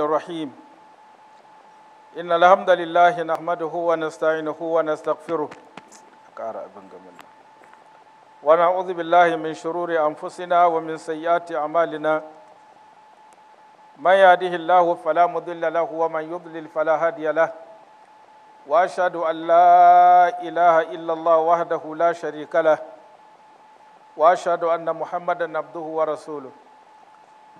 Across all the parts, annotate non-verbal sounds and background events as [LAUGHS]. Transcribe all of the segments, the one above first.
الرحمن الرحيم إن الحمد لله نحمده ونستعينه ونستغفره ونعوذ بالله من شرور أنفسنا ومن سيئات أعمالنا من يهده الله فلا مضل له ومن يضلل فلا هادي له وأشهد أن لا إله إلا الله وحده لا شريك له وأشهد أن محمدا عبده ورسوله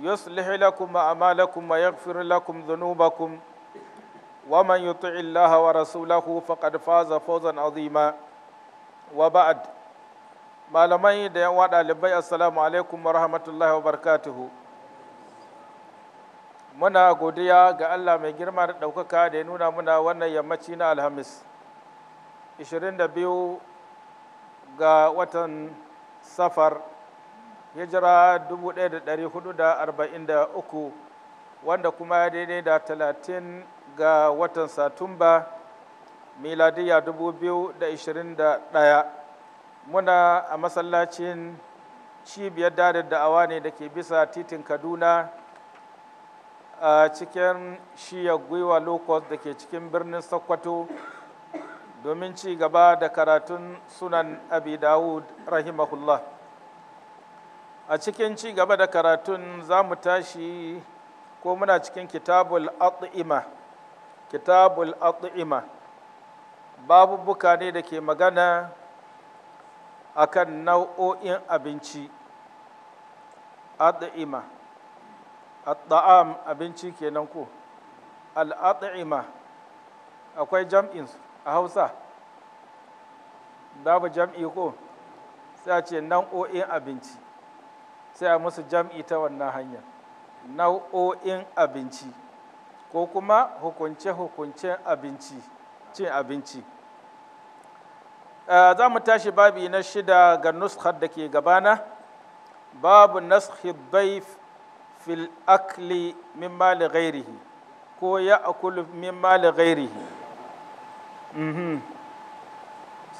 يصلح لكم أعمالكم ويغفر لكم ذنوبكم ومن يطع الله ورسوله فقد فاز فوزا عظيما وبعد malamai da yan wada libai assalamu alaikum wa rahmatullahi barakatuhu muna godiya ga Allah mai girma da ɗaukaka da ya nuna muna wannan yammaci na alhamis 22 ga watan safar hijira 1443 wanda kuma ya daidai da 30 ga watan satumba miladiya 2021 muna a masallacin cibiyar dadar da'awa ne da ke bisa titin kaduna a cikin shiya gwiwa locust da ke cikin birnin sokoto domin ci gaba da karatun sunan abi dawud rahimahullah a cikin ci gaba da karatun za mu tashi ko muna cikin kitabul at'ima kitabul at'ima babubuka ne da ke magana akan nau'o'in abinci at'ima at'am abinci kenan ko al'at'ima akwai jam'in a hausa babu jam'i ko sai a ce nau'o'in abinci sai a musu jam'i ta wannan hanyar nau'o'in abinci ko kuma hukunce-hukuncen abinci cin abinci eh, za mu tashi babi na shida ga nuskar da ke gabana babu naskhi daif fil akli min mali ghairihi ko ya akulu min mali ghairihi mhm.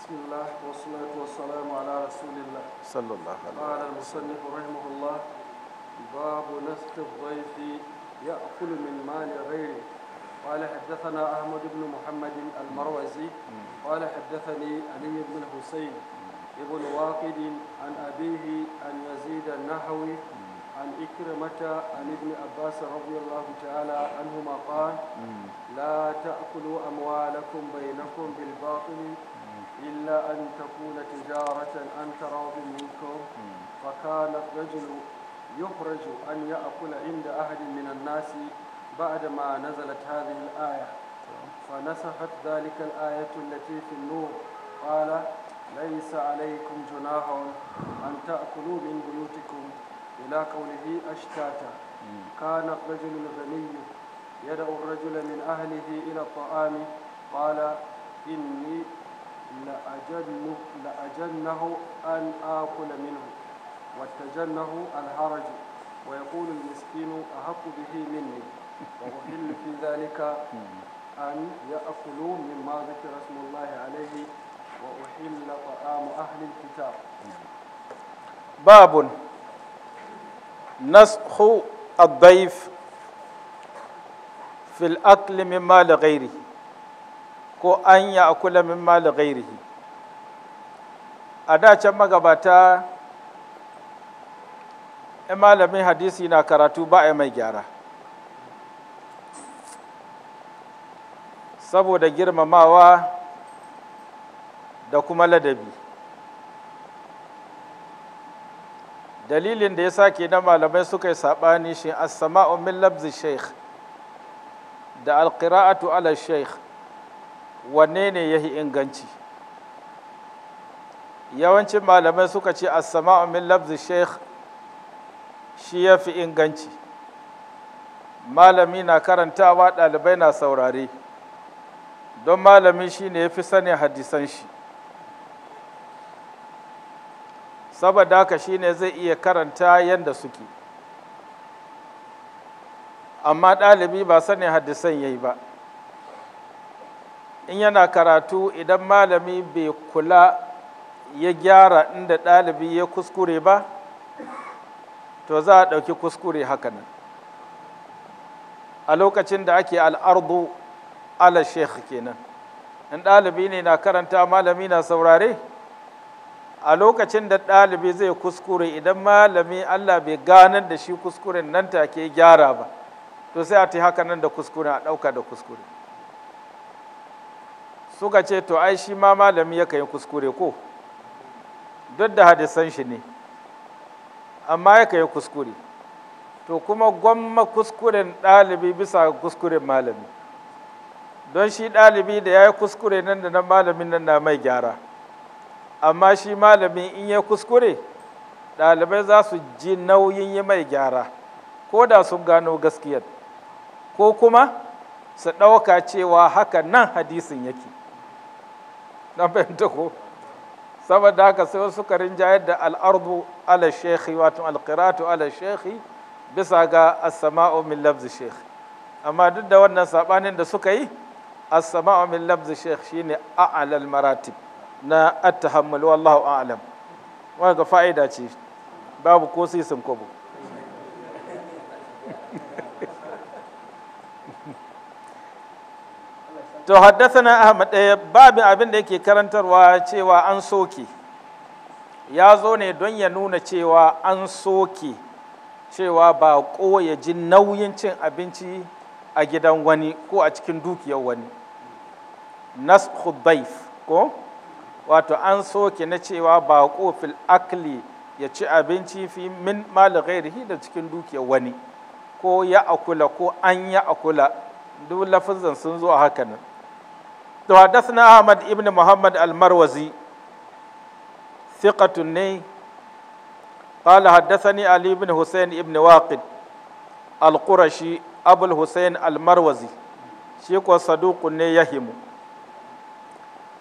بسم الله والصلاة والسلام على رسول الله صلى الله عليه وسلم قال المصنف رحمه الله باب نسك الضيف يأكل من مال غيره قال حدثنا أحمد بن محمد المروزي قال حدثني علي بن الحسين ابن واقد عن أبيه عن يزيد النحوي عن إكرمة عن ابن عباس رضي الله تعالى عنهما قال لا تأكلوا أموالكم بينكم بالباطل إلا أن تكون تجارة أنت تراض منكم فكان الرجل يخرج أن يأكل عند أحد من الناس بعدما نزلت هذه الآية فنسخت ذلك الآية التي في النور قال ليس عليكم جناح أن تأكلوا من بيوتكم إلى قوله أشتاتا كان الرجل الغني يدعو الرجل من أهله إلى الطعام قال إني لأجنه, لأجنه أن آكل منه واتجنه الهرج ويقول المسكين أحق به مني وأحل في ذلك أن يأكلوا مما ذكر اسم الله عليه وأحل طعام أهل الكتاب باب نسخ الضيف في الأكل مما لغيره ko an ya akula min mali gairihi a da can magabata 'yan malamin hadisi na karatu ba a mai gyara saboda girmamawa da kuma ladabi dalilin da ya sake na malamai suka yi saɓani shi as-sama'u min labzi sheikh da alƙira'atu ala sheikh wanne ne ya yi inganci yawancin malamai suka ce assama'u min labzi sheikh shi ya fi inganci malami na karantawa ɗalibai na saurare don malami shi ne ya fi sanin hadisan shi saboda haka shi ne zai iya karanta yadda suke amma ɗalibi ba sani hadisan ya yi ba in yana karatu idan malami bai kula ya gyara inda ɗalibi ya kuskure ba to za a ɗauki kuskure hakanan a lokacin da ake al'ardu ala sheikh kenan in ɗalibi ne na karanta malami na saurare a lokacin da ɗalibi zai kuskure idan malami allah bai ganar da shi kuskuren nan take gyara ba to sai a ta haka nan da kuskure a ɗauka da kuskure suka ce to ai shi ma malami yaka yi kuskure ko duk da hadisan shi ne amma ya yi kuskure to kuma gwamma kuskuren ɗalibi bisa kuskuren malami don shi ɗalibi da ya yi kuskure nan da nan malamin nan na mai gyara amma shi malamin in ya kuskure ɗalibai za su ji nauyin yi mai gyara ko da sun gano gaskiyar ko kuma su ɗauka cewa haka nan hadisin yake na fahimta saboda haka sai wasu suka da al'ardu ala shekhi wato alƙiratu ala shekhi bisa ga as min lafzi shekhi amma duk da wannan saɓanin da suka yi as-sama'u min lafzi shekhi shine a'alal maratib na at wallahu a'lam wannan ga fa'ida ce babu ko sisin to na ahmad ɗaya eh, babin abin da yake karantarwa cewa an soke ya zo ne don ya nuna cewa an soke cewa ba ya ji nauyin cin abinci a gidan wani ko a cikin dukiyar wani nas ko wato an soke na cewa ba fil akli ya ci abinci fi min mali ghairihi da cikin dukiyar wani ko ya akula ko an ya akula duk lafazan sun zo a hakanan to na ahmad ibn muhammad al-marwazi thiqatun ne قال حدثني علي بن حسين ابن واقد القرشي أبو الحسين المروزي شيكو صدوق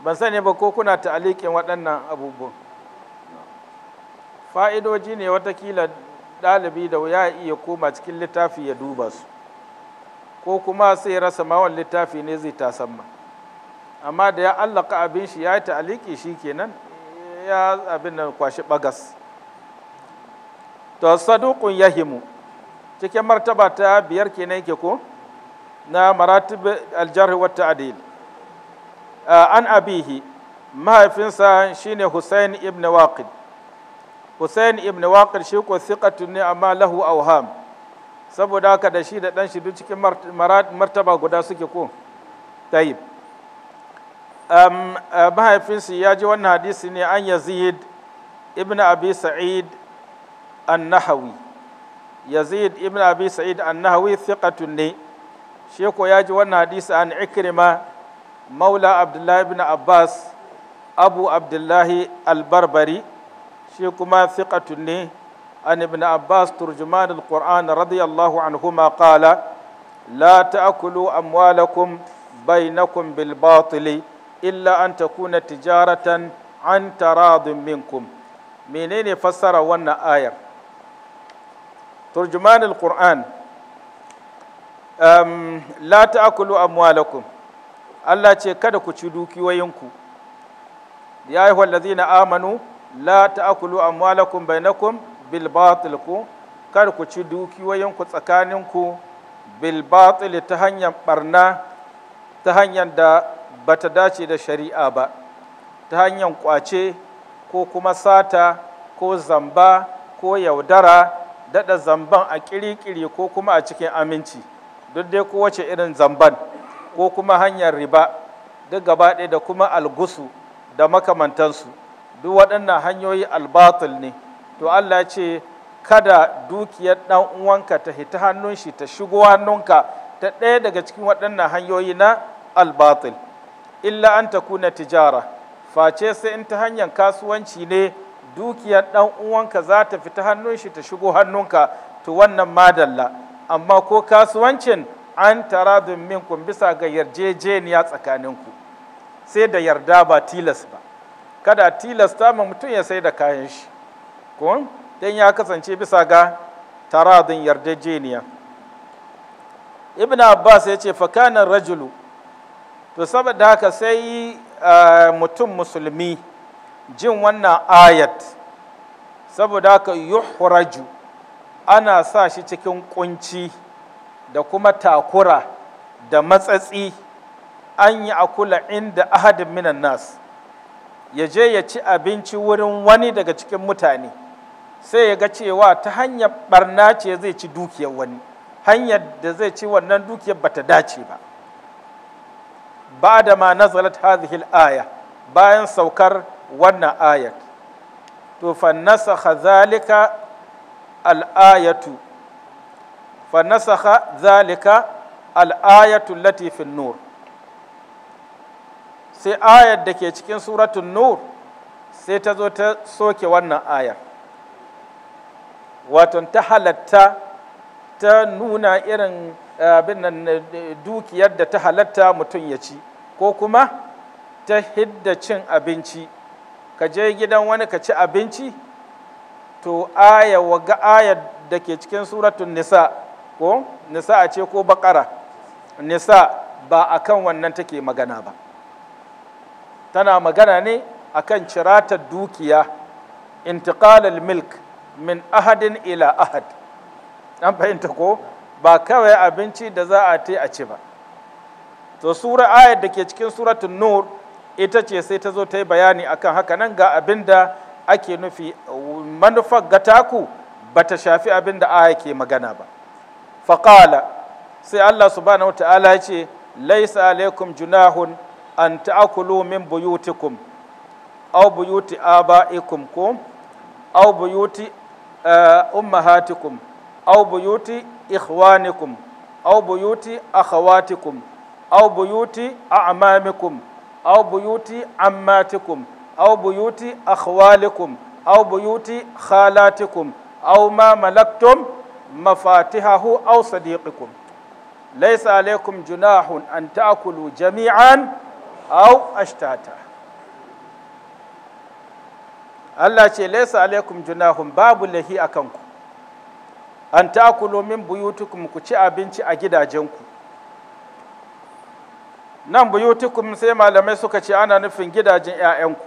ban sani ba ko kuna ta'alikin waɗannan abubuwan fa'idoji ne watakila ɗalibi da ya iya koma cikin littafi ya duba su ko kuma sai rasa mawan littafi ne zai tasamma amma da ya allaka abin shi ya yi ta'aliki shi kenan ya abin nan kwashi bagas to saduqun yahimu cikin martaba ta biyar kenan yake ko na maratib aljarh wa ta'dil an abihi mahaifinsa shine Hussein ibn Waqid Hussein ibn Waqid shi ko thiqatun ne amma lahu awham saboda haka da shi da dan shi duk cikin martaba guda suke ko tayib Eh, mahaifinsu ya ji wannan hadisi ne an yazid ibn abi sa'id annahawi yazid ibn abi sa'id annahawi nahawi thiqatun ne shi ko ya ji wannan hadisi an ikrima maula abdullahi ibn abbas abu abdullahi albarbari barbari shi kuma thiqatun ne an ibn abbas turjuman al-qur'an radiyallahu anhuma qala la ta'kulu amwalakum bainakum bil batili illa an takuna tijaratan an taradun minkum menene fassara wannan ayar turjumanul qur'an um, la ta'kulu amwalakum Allah ce kada ku ci dukiyoyinku ya yi wallazina amanu la ta'kulu amwalakum bainakum bil batil ku kada ku ci dukiyoyinku tsakaninku bil batil ta hanyar barna ta hanyar da ba ta dace da shari'a ba ta hanyar kwace ko kuma sata ko zamba ko yaudara daɗa zamban a ƙiriƙiri ko kuma a cikin aminci duk dai kowace irin zamban ko kuma hanyar riba duk gaba ɗaya da kuma algusu da makamantansu duk waɗannan hanyoyi albatul ne to Allah ce kada dukiyar ɗan uwanka ta hita hannun shi ta shigo hannunka ta ɗaya daga cikin waɗannan hanyoyi na albatul illa an kuna tijara face sai in ta hanyar kasuwanci ne dukiyar ɗan uwanka za ta fita hannun shi ta shigo hannunka to wannan madalla amma ko kasuwancin an tara min kun bisa ga yarjejeniya tsakaninku sai da yarda ba tilas ba kada tilasta ma mutum ya sai da kayan shi ko dan ya kasance bisa ga taradun yarjejeniya ibn abbas ya ce fakanan rajulu to saboda haka sai eh, mutum musulmi jin wannan ayat saboda haka yuhraju ana sa shi cikin kunci da kuma takura da matsatsi an yi akula inda ahadin minan nas ya je ya ci abinci wurin wani daga cikin mutane sai ya ga cewa ta hanyar barna ce zai ci dukiyar wani hanyar da zai ci wannan dukiyar bata dace ba Ba ma nazalat hadhihi al-aya bayan saukar wannan ayat to fannasakha zalika al-ayatu fannasakha zalika al-ayatu nur sai ayar da ke cikin suratun nur sai ta zo ta soke wannan ayar waton ta halatta ta nuna irin abin eh, eh, dukiyar da ta halatta mutum ya ci ko kuma ta hidda cin abinci ka je gidan wani ka ci abinci to aya ga aya da ke cikin suratun nisa ko nisa ce ko bakara nisa ba a kan wannan take magana ba tana magana ne a kan ciratar dukiya intiqalal milk min ahadin ila ahad an fahimta ko ba kawai abinci da za a ta a ci ba to sura ayat da ke cikin suratul nur ita ce sai ta zo ta yi bayani akan haka nan ga abin da ake nufi manufar gataku ba ta shafi abin da aya ke magana ba faƙala sai allah subhanahu ta'ala ya ce laisa alaikum junahun an ta'akulu min buyutikum aw buyuti aba'ikum ko aw buyuti eh, ummahatikum أو بيوت إخوانكم أو بيوت أخواتكم أو بيوت أعمامكم أو بيوت عماتكم أو بيوت أخوالكم أو بيوت خالاتكم أو ما ملكتم مفاتحه أو صديقكم ليس عليكم جناح أن تأكلوا جميعا أو أشتاتا الله ليس عليكم جناح باب الله أكنكم an ta'kulu min buyutukum ku ci abinci a gidajenku nan buyutukum sai malamai suka ce ana nufin gidajen 'ya'yanku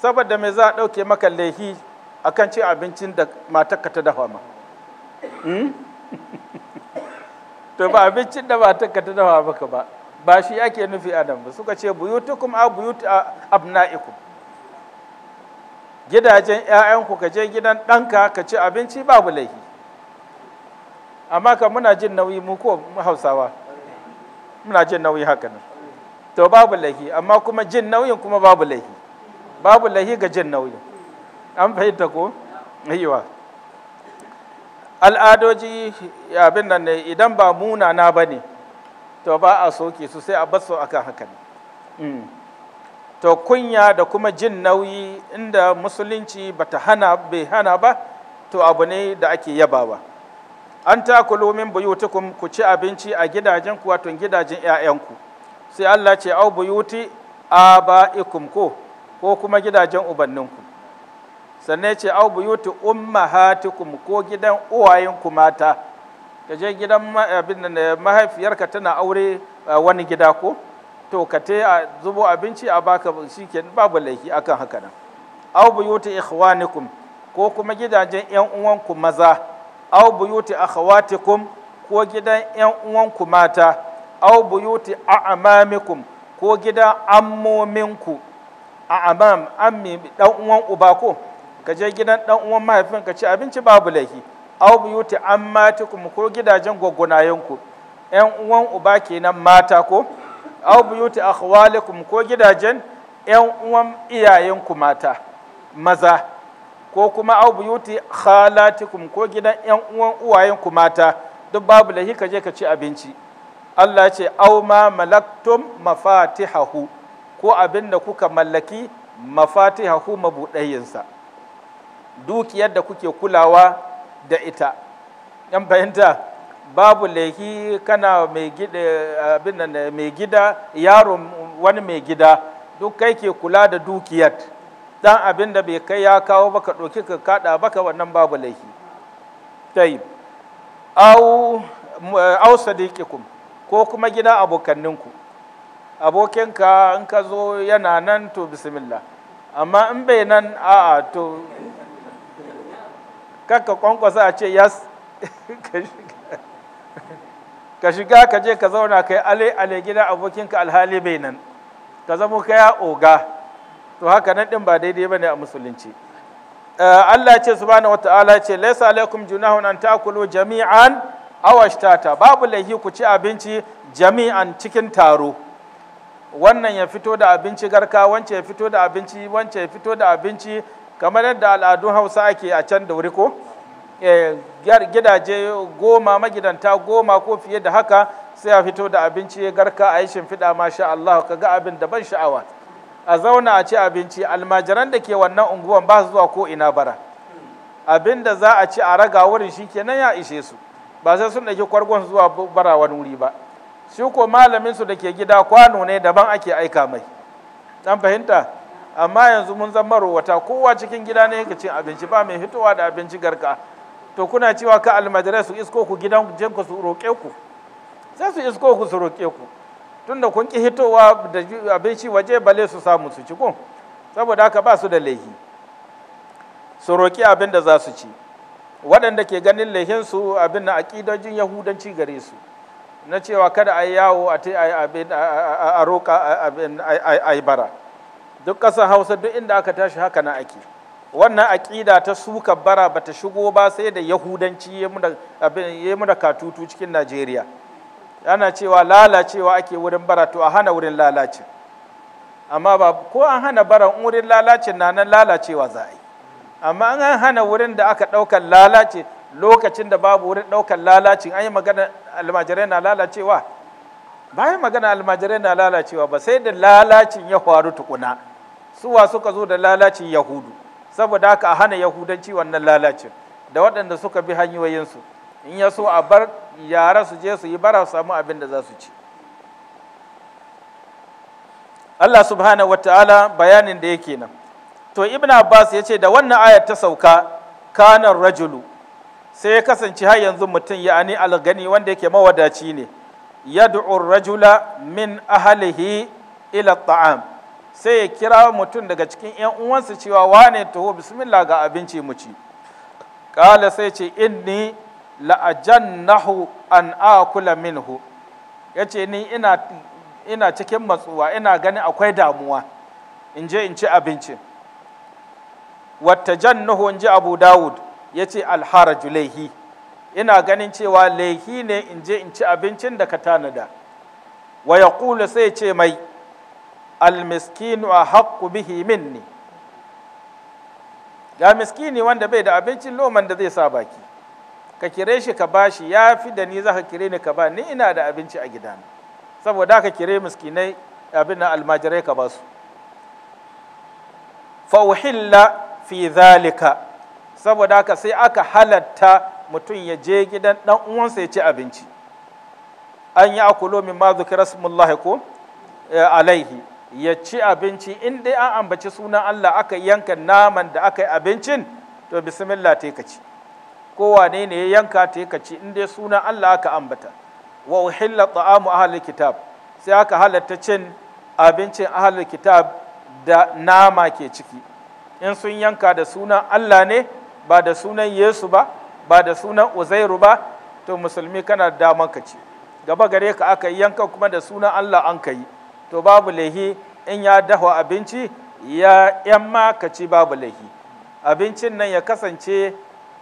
saboda me za a ɗauke maka laihi akan cin abincin da matarka ta dafa ma hmm? [LAUGHS] to ba abincin da matarka ta dafa maka ba ba shi ake nufi adam ba suka ce buyutukum a buyut abna'ikum gidajen 'ya'yanku ka je gidan ɗanka ka ci abinci babu laifi amma ka muna jin nauyi mu ko hausawa muna jin nauyi haka nan to babu laifi amma kuma jin nauyin kuma babu laifi babu laifi ga jin nauyi, an fahimta ko yiwa al'adoji abin nan ne idan ba na ba ne to ba a soke su sai a basu akan haka ne to kunya da kuma jin nauyi inda musulunci bata hana bai hana ba to abu ne da ake yabawa an takulu min buyutikum ku ci abinci a gidajen ku wato gidajen ƴaƴanku sai Allah ce au buyuti abaikum ko ko kuma gidajen ubanninku sannan ce au buyuti ummahatikum ko gidan uwayenku mata kaje gidan abin mahaifiyarka tana aure wani gida ko to ka te a zubo abinci a baka shi ke babu laifi akan haka nan aw buyuti ikhwanikum ko kuma gidajen yan uwanku maza aw buyuti akhawatikum ko gidan yan uwanku mata aw buyuti a'mamikum ko gidan ammominku a'mam ammi dan uwan uba ko ka je gidan dan uwan mahaifin ka ci abinci babu laifi aw buyuti ammatikum ko gidajen gwaggwanayenku yan uwan uba kenan mata ko aw buyuti akhwalikum ko gidajen yan uwan iyayenku mata maza ko kuma aw buyuti khalatikum ko gidan yan uwan uwayenku mata duk babu lahi ka je ka ci abinci Allah ce aw ma malaktum mafatihahu ko abin da kuka mallaki mafatihahu mabuɗayensa dukiyar da kuke kulawa da ita yan fahimta babu lehi kana mai gida yaro wani mai gida duk kai ke kula da dukiyar dan abin da bai kai ya kawo baka ɗauki ka kada baka wannan babu laihi tayi au au sadiqikum ko kuma gida abokanninku abokinka in ka zo yana nan to bismillah amma in bai nan a'a to kakka kwankwasa a ce yas [LAUGHS] ka shiga ka je ka zauna kai ale ale gida abokinka alhali bai nan ka zamo kaya oga to haka nan din ba daidai bane a musulunci eh, Allah ce subhanahu wataala ce laysa alaikum junahun an taakulu jami'an aw ashtata babu laihi ku ci abinci jami'an cikin taro wannan ya fito da abinci garka wance ya fito da abinci wance ya fito da abinci kamar yadda al'adun Hausa ake a can da wuri ko eh, gidaje goma magidanta goma ko fiye da haka sai a fito da abinci ya garka a yi shimfiɗa masha Allah ka ga abin da ban sha'awa a zauna a ci abinci almajiran da ke wannan unguwan ba su zuwa ko ina bara abin da za a ci a raga wurin shi kenan ya ishe su ba sai sun ɗauki kwargon zuwa bara wani wuri ba shi ko malamin su da ke gida kwano ne daban ake aika mai dan fahimta amma yanzu mun zama rowata kowa cikin gida ne yake cin abinci ba mai fitowa da abinci garka to kuna cewa ka almajirai su isko ku gidan jinku su roƙe ku sai su isko ku su roƙe ku tunda kun ƙi hitowa da abinci waje bale su samu su ci ko saboda haka ba su da laihi su roƙi abin da za su ci waɗanda ke ganin su abin na aƙidojin yahudanci gare su na cewa kada a yawo a ta a roƙa a bara duk ƙasar hausa duk inda aka tashi haka na ake wannan aƙida ta suka bara ba ta shigo ba sai da yahudanci ya mu da katutu cikin najeriya ana cewa lalacewa ake wurin bara to a hana wurin lalacin amma ba ko an hana bara wurin lalacin na nan lalacewa za a yi amma an hana wurin da aka ɗaukar lalace lokacin da babu wurin ɗaukar lalacin an yi magana almajirai na lalacewa bayan magana almajirai na lalacewa ba sai da lalacin ya faru tukuna suwa suka zo da lalacin yahudu saboda haka a hana yahudanci wannan lalacin da waɗanda suka bi hanyoyinsu in ya so a bar yara su je su yi bara su samu abin da za su ci Allah subhanahu wataala bayanin da yake nan to ibn Abbas ya ce da wannan ayar ta sauka kanar rajulu sai ya kasance har yanzu mutum ya ani algani wanda yake mawadaci ne yad'u rajula min ahlihi ila ta'am sai ya kira mutum daga cikin ‘yan uwansa cewa wane taho bismillah ga abinci mu ci ƙala sai ce inni la'ajannahu an akula minhu ya ce ni ina, cikin matsuwa ina gani akwai damuwa in je in ci abincin wata nahu in ji abu dawud ya ce alharaju laihi ina ganin cewa laihi ne in je in ci abincin da ka tanada wa ya sai ce mai almiskinu a haƙƙu bihi minni ga miskini wanda bai da abincin loman da zai sa baki ka kire shi ka bashi ya fi da ni za ka kire ni ka ba ni ina da abinci a gidana saboda ka kire miskinai abin na almajirai ka basu fauhilla fi zalika saboda ka sai aka halatta mutum ya je gidan ɗan uwansa ya ci abinci an yi akulo min ma zukira ko eh, alaihi ya ci abinci in dai an ambaci sunan Allah aka yanka naman da aka yi abincin to bismillah ta ka ci kowane ne ya yanka ta ka ci in dai sunan Allah aka ambata wa uhilla ta'amu ahli kitab sai aka halatta cin abincin ahli kitab da nama ke ciki in sun yanka da sunan Allah ne ba da sunan Yesu ba ba da sunan Uzairu ba to musulmi kana da daman ka ci gaba gare ka aka yanka kuma da sunan Allah an ka yi to babu laihi in ya dahwa abinci ya yan ci babu laihi abincin nan ya kasance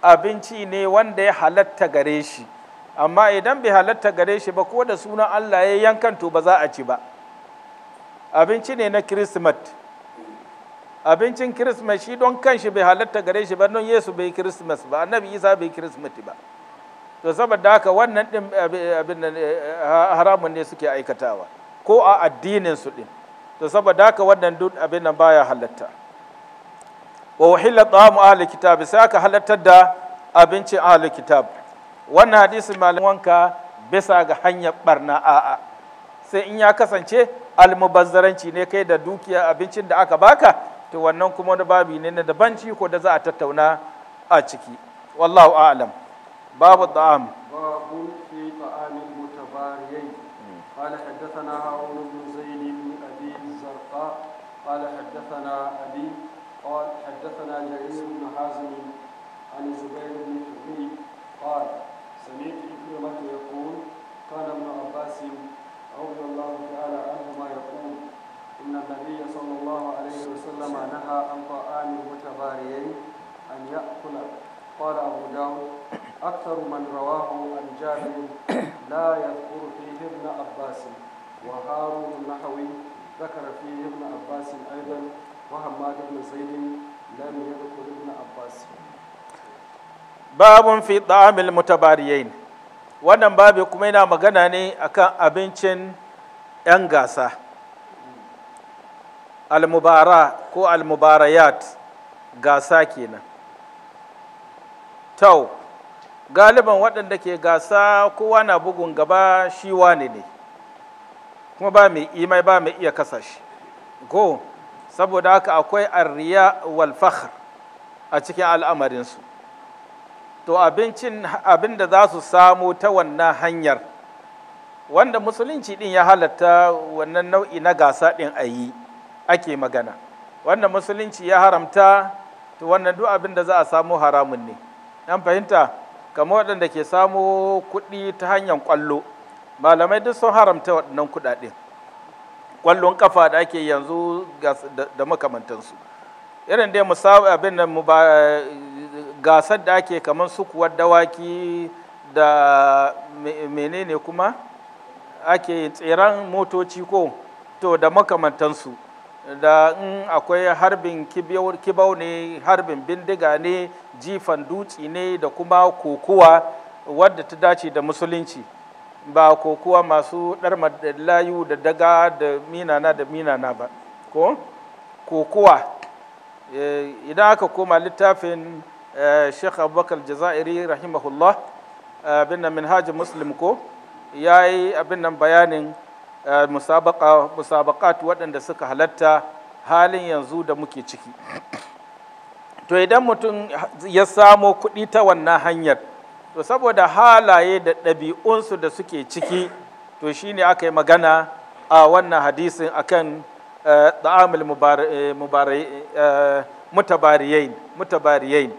abinci ne wanda ya halatta gare shi amma idan bai halatta gare shi ba ko da sunan Allah ya yankan to ba za a ci ba abinci ne na kirismat abincin kirismas shi don kanshi bai halatta gare shi ba don yesu bai kirismas ba annabi isa bai kirismat ba to saboda haka wannan din abin eh, haramun ne suke aikatawa ko a addinin su din to saboda haka wannan duk abin nan baya halatta wa wahilla ta'amu ahli kitab sai aka halattar da abincin ahli kitab wannan hadisi malamin wanka bisa ga hanyar barna a'a sai in ya kasance almubazzaranci ne kai da dukiya abincin da aka baka to wannan kuma wani babi ne na daban ko da za a tattauna a ciki wallahu a'lam babu ta'am حدثنا هارون بن زيد بن أبي الزرقاء قال حدثنا أبي قال حدثنا جرير بن حازم عن زبير بن حبيب قال سمعت إكرمة يقول كان ابن عباس رضي الله تعالى عنهما يقول إن النبي صلى الله عليه وسلم نهى عن طعام المتباريين أن يأكل قال أبو داود أكثر من رواه عن جابر لا يذكر فيه ابن عباس وهارون النحوي ذكر فيه ابن عباس ايضا وحماد بن زيد لم يذكر ابن عباس باب في طعام المتباريين wannan babu kuma yana magana ne akan abincin 'yan gasa almubara ko almubarayat gasa kenan tau galiban waɗanda ke gasa kowa na bugun gaba shi wani ne kuma ba mai imai ba mai iya kasa shi go saboda haka akwai arriya wal fakhr a cikin al'amarinsu to abincin abin da za su samu ta wannan hanyar wanda musulunci din ya halatta wannan nau'i na gasa din a yi ake magana wanda musulunci ya haramta to wannan duk abin da za a samu haramun ne an fahimta kamar waɗanda ke samu kuɗi ta hanyar ƙwallo malamai duk sun haramta waɗannan kuɗaɗe ƙwallon kafa da ake yanzu da makamantansu irin dai musawa abin da gasar da ake kamar sukuwar dawaki da menene kuma ake tseren motoci ko to da makamantansu da in akwai harbin kibau ne harbin bindiga ne jifan dutse ne da kuma kokuwa wadda ta dace da musulunci ba ko kuwa masu ɗarma da layu da daga da minana da minana ba ko kokuwa eh, idan aka koma littafin eh, sheikh abubakar jaza'iri rahimahullah eh, abin nan minhajin muslim ko ya yi abin nan bayanin musabaƙatu waɗanda suka halatta halin yanzu da muke ciki to idan mutum ya samo kuɗi ta wannan hanyar to saboda halaye da ɗabi'unsu da suke ciki to shine aka yi magana a wannan hadisin akan da'amul eh, eh, eh, mutabariyain mutabariyain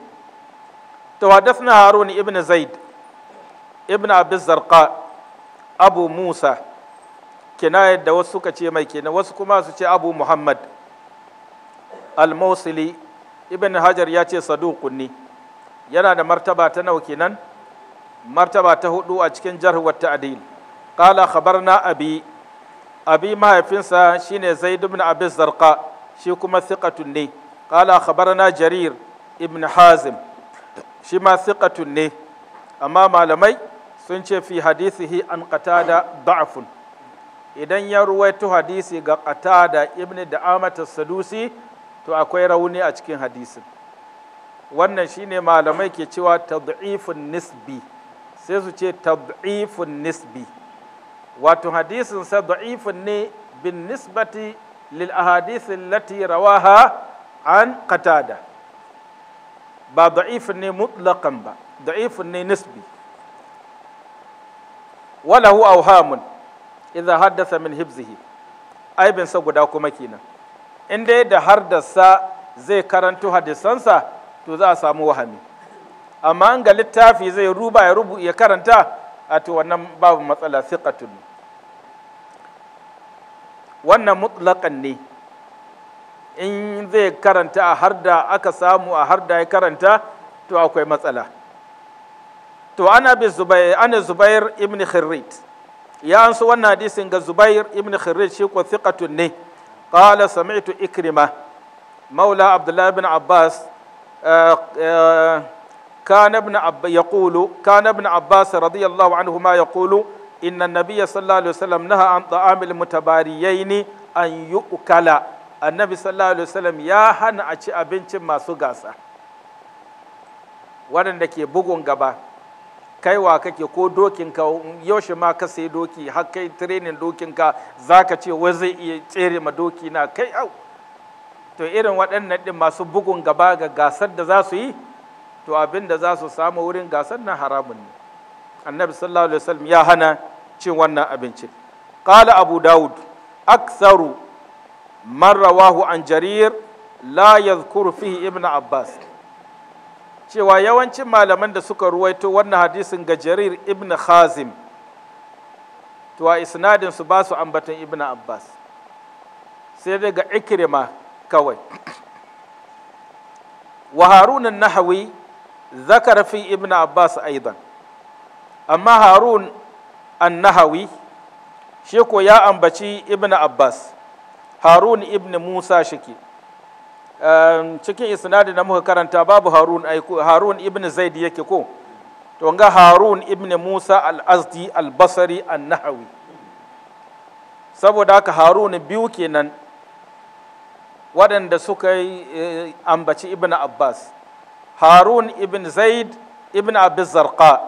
to hadathna harun ibn zaid ibn zarqa abu musa kina da wasu suka ce mai kenan wasu kuma su ce abu muhammad al ibn hajar ya ce saduqun ne yana da martaba ta nawa kenan martaba ta hudu a cikin jarh wa ta'dil qala khabarna abi abi mahaifinsa shine zaid ibn abi zarqa shi kuma thiqatun ne qala khabarna jarir ibn hazim shi ma thiqatun ne amma malamai sun ce fi hadisihi an qatada da'fun idan ya ruwaito hadisi ga qatada ibn amata sadusi to akwai rauni a cikin hadisin wannan shine malamai ke cewa tad'ifun nisbi sai su ce tab'ifun nisbi wato hadisin sa da'ifun ne bin nisbati lil ahadith allati rawaha an qatada ba da'ifun ne mutlaqan ba da'ifun ne nisbi wala hu awhamun idza haddatha min hibzihi aibin sa guda kuma kenan in dai da hardasa zai karanto hadisansa to za a samu wahami amma an ga littafi zai ruba ya rubu ya karanta a to wannan babu matsala siqatun wannan mutlaqan ne in zai karanta a har da aka samu a har da ya karanta to akwai matsala to ana bi zubair ana zubair ibn khirrit ya ansu wannan hadisin ga zubair ibn khirrit shi ko thiqatun ne qala sami'tu ikrima maula abdullah ibn abbas eh, eh, كان ابن عب يقول كان ابن عباس رضي الله عنهما يقول إن النبي صلى الله عليه وسلم نهى عن طعام المتباريين أن يؤكل النبي صلى الله عليه وسلم يا هن أشي أبنش ما سجاسا wannan da ke bugun gaba kaiwa kake ko dokinka yaushe ma ka sai doki har kai training dokinka za ka ce wai zai iya tsere ma doki na kai au to irin waɗannan ɗin masu bugun gaba ga gasar da za su yi to abin da za su samu wurin gasar nan haramun ne annabi sallallahu alaihi wasallam ya hana cin wannan abincin qala abu daud aktharu man rawahu an jarir la yadhkuru fihi ibn abbas cewa yawancin malaman da suka ruwaito wannan hadisin ga jarir ibn khazim to a isnadin su ba su ambaton ibn abbas sai daga ga ikrima kawai wa harun nahawi ذكر في ابن عباس أيضا أما هارون النهوي شيكو يا أنبتي ابن عباس هارون ابن موسى شكي cikin isnadi da muka karanta babu harun harun ibn zaid yake ko to ga harun ibn musa al-azdi al-basri an saboda haka harun biyu kenan waɗanda suka yi ambaci ibn abbas harun ibn zaid ibn abizarqa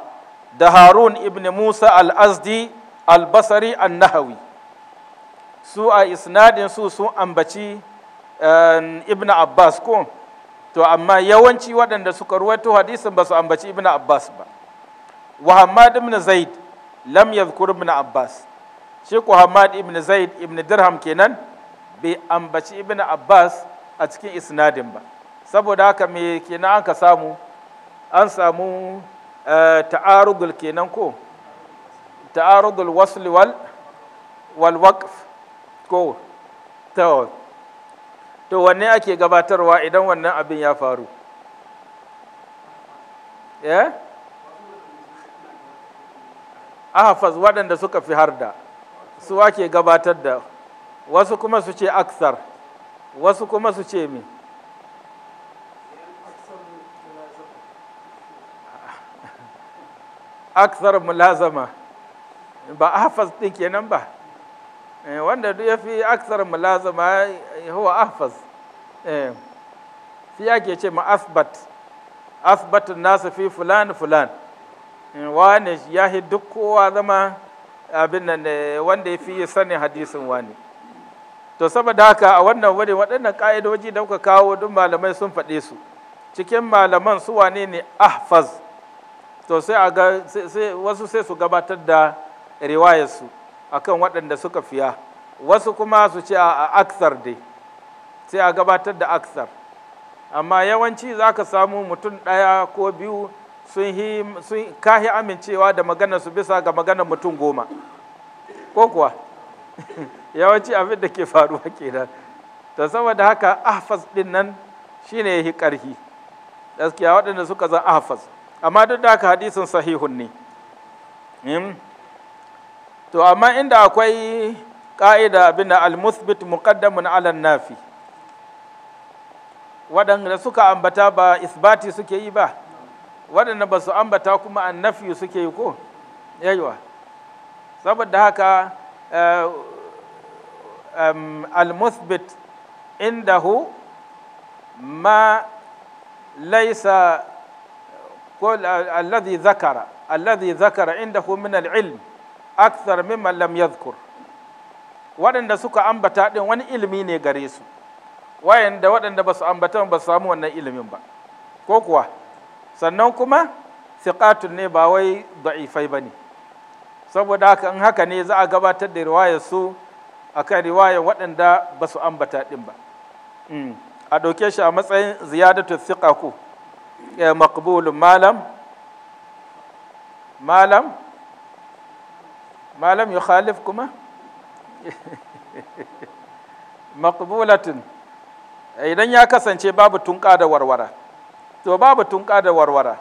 da harun ibn musa al-azdi al basri an-nahawi su a isnadin su sun ambaci eh, ibn abbas ko to amma yawanci waɗanda suka ruwaito hadisin ba su ambaci ibn abbas ba wa hamad ibn zaid lam yadhkur ibn abbas shi ko hamad ibn zaid ibn dirham kenan bai ambaci ibn abbas a cikin isnadin ba saboda haka me kenan an ka samu an samu eh, ta'arugul kenan ko ta'arugul wasl wal wal waqf ko to to wanne ake gabatarwa idan wannan abin ya faru eh ahfaz waɗanda suka fi harda su ake gabatar da wasu kuma su ce aksar wasu kuma su ce min. aksar mulazama ba ahfaz din kenan ba eh, wanda duk ya fi aksar mulazama eh, huwa ahfaz eh, shi yake ce ma asbat asbatun nasu fi fulan fulan wane ya yi duk kowa zama abin nan wanda ya fi sanin hadisin wani to saboda haka a wannan wurin waɗannan ƙa'idoji da kuka kawo duk malamai sun faɗe su cikin malaman su wane ne ahfaz to sai a ga wasu sai su gabatar da riwayarsu akan waɗanda suka fiya wasu kuma su ce a aksar dai sai a gabatar da aksar amma yawanci za ka samu mutum ɗaya ko biyu sun kahi amincewa da maganarsu bisa ga maganar mutum goma ko kuwa [LAUGHS] yawanci abin da ke faruwa kenan to saboda haka ahfaz ɗin nan shine ya yi ƙarfi gaskiya waɗanda suka zan ahfaz amma duk da haka hadisin sahihun ne hmm? to amma inda akwai ƙa'ida abin da al-musbit muqaddamun ala nafi waɗanda suka ambata ba isbati suke yi ba waɗanda ba su ambata kuma annafi suke yi ko yaiwa saboda haka eh, al-musbit indahu ma laisa ko alladhi zakara alladhi zakara indahu min al-ilm akthar mimma lam yadhkur waɗanda suka ambata ɗin wani ilimi ne gare su wayanda waɗanda ba su ambata ba su samu wannan ilimin ba ko kuwa sannan kuma siqatun ne ba wai da'ifai ba ne saboda haka in haka ne za a gabatar da riwayar su akan riwayar waɗanda basu ambata ɗin ba a ɗauke shi a matsayin ziyadatu siqa ko maqbulun malam malam malam yukhalif kuma [LAUGHS] maqbulatun eh, idan ya kasance babu tunka da warwara to babu tunka da warwara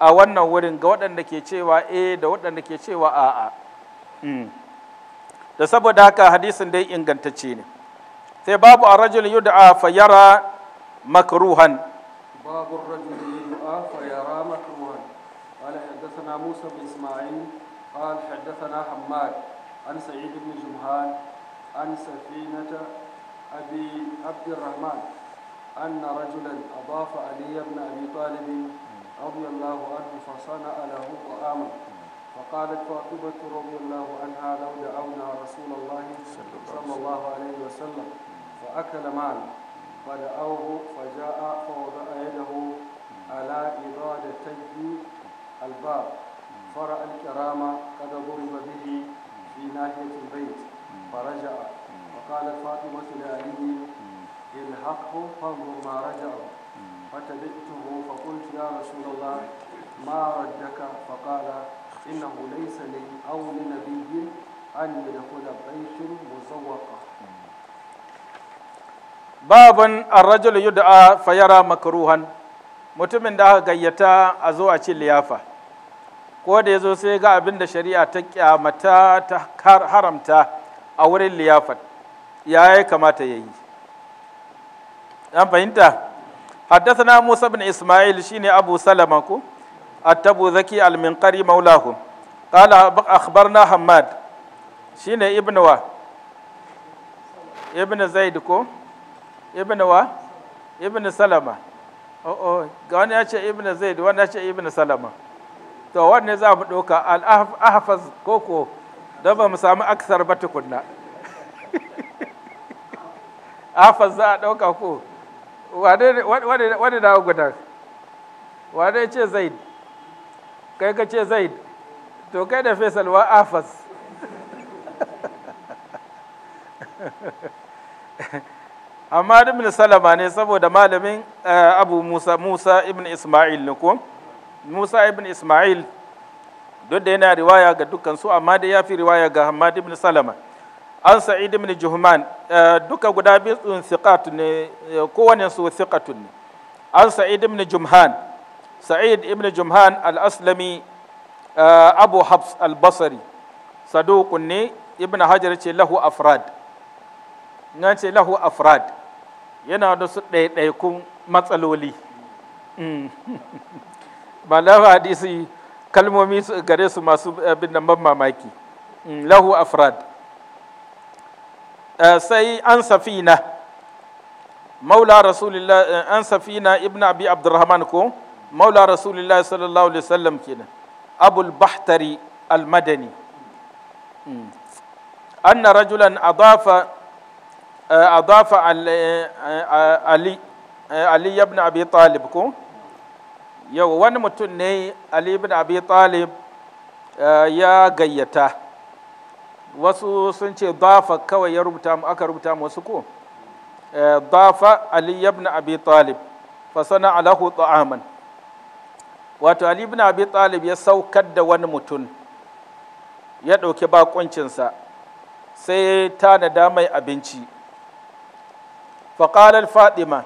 a wannan wurin ga waɗanda ke cewa eh da waɗanda ke cewa A, hmm. da saboda haka hadisin dai ingantacce ne sai babu a rajul yud'a fa yara makruhan babu rajul الله فيرى مكروها قال حدثنا موسى بن إسماعيل قال حدثنا حماد عن سعيد بن جمهان عن سفينة أبي عبد الرحمن أن رجلا أضاف علي بن أبي طالب رضي الله عنه فصنع له طعاما فقالت فاطمة رضي الله عنها لو دعونا رسول الله صلى الله عليه وسلم فأكل معنا فدعوه فجاء فوضع يده على إرادتي الباب فرأى الكرامة قد ضرب به في ناحية البيت فرجع وقالت فاطمة لأبيه الحق فانظر ما رجع فتبعته فقلت يا رسول الله ما ردك فقال إنه ليس لي أو لنبي أن يدخل بيت مزوقة باب الرجل يدعى فيرى مكروها mutumin da aka gayyata a zo a cin liyafa ko da ya zo sai ga abin da shari'a ta kyamata ta haramta a wurin liyafar ya yi kamata ya yi an fahimta haddasa na musa bin ismail shine abu salama ko attabu zaki alminkari maulahu a akhbar na hamad shine ibn wa ibn ko ibn salama Oh, oh. ga wani ya ce ibn zaid wani ya ce ibn salama to wanne za mu ɗauka al-ahfaz koko don ba mu samu aksar ba tukunna [LAUGHS] ahfaz za a ɗauka ko wane na guda wane ce zaid kai ka ce zaid to kai da fesal wa ahfaz [LAUGHS] amma ibn salama ne saboda malamin eh, abu musa musa ibn isma'il ne ko musa ibn isma'il duk da yana riwaya ga dukkan su amma da ya fi riwaya ga hamad ibn salama an sa'id ibn juhman eh, duka guda biyu thiqatun ne eh, kowane su thiqatun ne an sa'id ibn jumhan sa'id ibn jumhan al-aslami abu habs al-basri saduqun ne ibn hajar ce lahu afrad nan ce lahu afrad yana da su ɗaiɗaikun matsaloli mm. [LAUGHS] ba lahu hadisi kalmomi gare su masu abin da ban mamaki mm, lahu afrad eh, sai an safina maula rasulillah eh, an safina ibn abi abdurrahman ko maula rasulillah sallallahu alaihi wasallam kenan abul bahtari al-madani mm. anna rajulan adafa أضاف علي علي بن أبي طالب كو yau wani mutum ne Ali bin Abi Talib ya gayyata wasu sun ce dafa kawai ya rubuta mu aka rubuta mu wasu ko dafa Ali ibn Abi Talib fa sana alahu ta'aman wato Ali ibn Abi Talib ya saukar da wani mutum ya ɗauki bakuncinsa sai tanada mai abinci faƙalar fatima